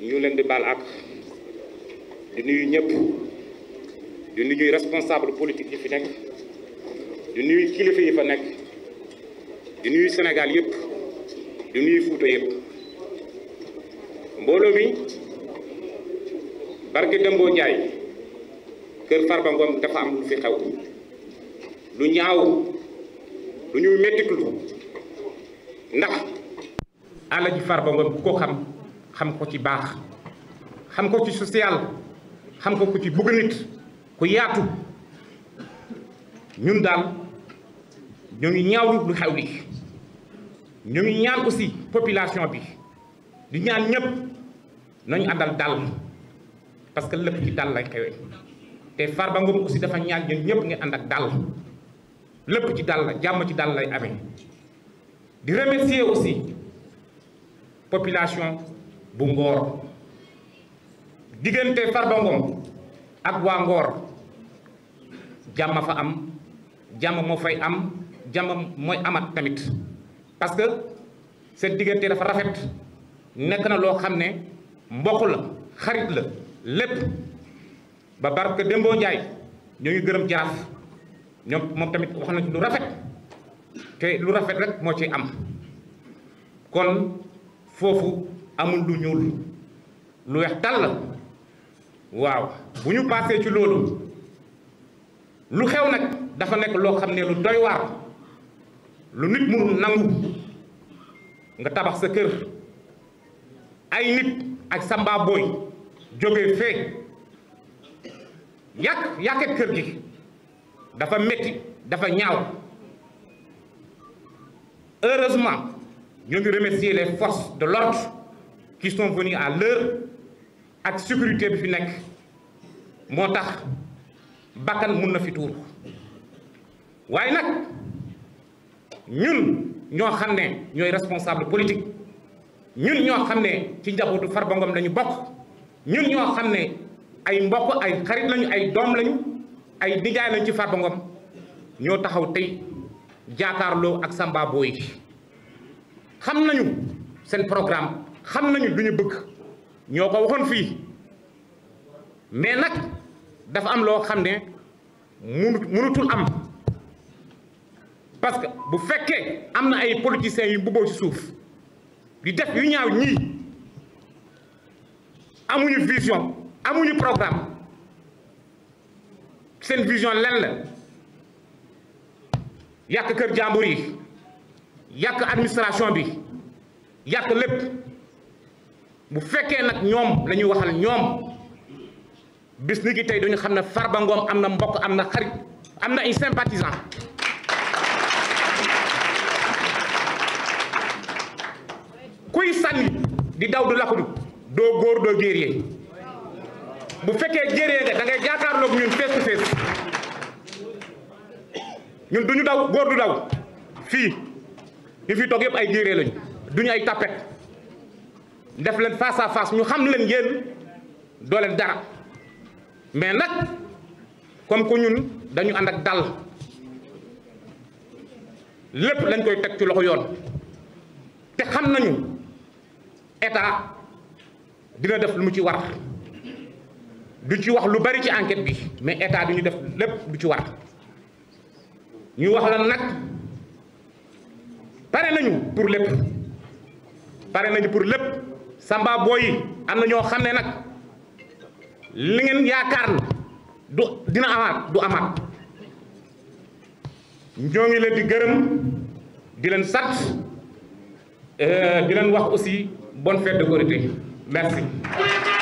ñu leen di baal ak di nuyu ñëpp di nuyu responsable politique yi fi nekk di nuyu kilifa yi fa nekk di nuyu Sénégal yëpp di nuyu Fuuta yëpp mbooloo mi barke Dembo Njaay kër Farba Ngom dafa am lu fi xew lu ñaaw lu ñuy mettitlu ndax alaji Farba Ngom ku ko xam xam ko ci baax xam ko ci social xam ko ku ci bugg nit ku yaatu ñun daal ñoo ngi ñaawlu lu xew li ñoo ngi ñaan aussi population bi di ñaan ñëpp nañu àndal dal parce que lépp ci dal lay xewee te ba ngoom aussi dafa ñaan ñun ñëpp ngeen ànd ak dal lépp ci dal la jàmm ci dal lay amee di remercier aussi population bu Ngor diggante Farba ak waa Ngor jàmm fa am jàmm fay am jàmm mooy amat tamit parce que seen diggante dafa rafet nekk na loo xam ne mbokk la xarit la lépp ba barke Dembo Njaay ñoo ngi gërëm jaraaf ñoom moom tamit wax na lu rafet te lu rafet rek moo ci am kon foofu amul lu ñuul lu weex tàll la waaw bu ñu paasee ci loolu lu xew nag dafa nekk loo xam ne lu doy waar lu nit mu nangu nga tabax sa kër ay nit ak samba booy jógee fee yàq yàqet kër gi dafa metti dafa ñaaw heureusement ñu ngi remercier les forces de l'ordre qui sont à l'heure ak sécurité bi fi nekk moo tax bakkan mun na fi tuur waaye nag ñun ñoo xam ne ñooy responsable politique ñun ñoo xam ne ci njabootu Farba Ngom lañu bokk ñun ñoo xam ne ay mbokk ay xarit lañu ay doom lañu ay nijaay lañu ci Farba Ngom ñoo taxaw tey jaakaarloo ak Samba Boy xam nañu seen programme xam nañu du ñu bëgg ñoo ko waxoon fii mais nag dafa am loo xam ne munu munutul am parce que bu fekkee am na ay politiciens yu bubboo ci suuf di def yu ñaaw ñii amuñu vision amuñu programme seen vision lenn la yàq kër jàmbur yi yàq administration bi yàq lépp bu fekkee nag ñoom lañuy ñuy waxal ñoom bis tey duñu xam ne Farba Ngom am na mbokk am na xarit am na ay sympathisant kuy sànni di daw du lakkatu doo góor doo guerrier bu fekkee guerrier nga da ngay jàkkaarloog ñun face to face ñun duñu daw góor du daw fii ñu fi toog yëpp ay guerrier lañu duñu ay tapet def leen face à face ñu xam leen yéen doo leen dara mais nag comme que ñun dañu ànd ak dàll lépp lañ koy teg ci loxo yoon te xam nañu état dina def lu mu ci war du ci wax lu bari ci enquête bi mais état di ñu def lépp du ci war ñu wax la nag pare nañu pour lépp pare nañu pour lépp samba booy am na ñoo xam ne nag li ngeen yaakaar ne du dina amaat du amaat ñoo ngi leen di gërëm di leen sant euh, di leen wax aussi bonne fête de Korité merci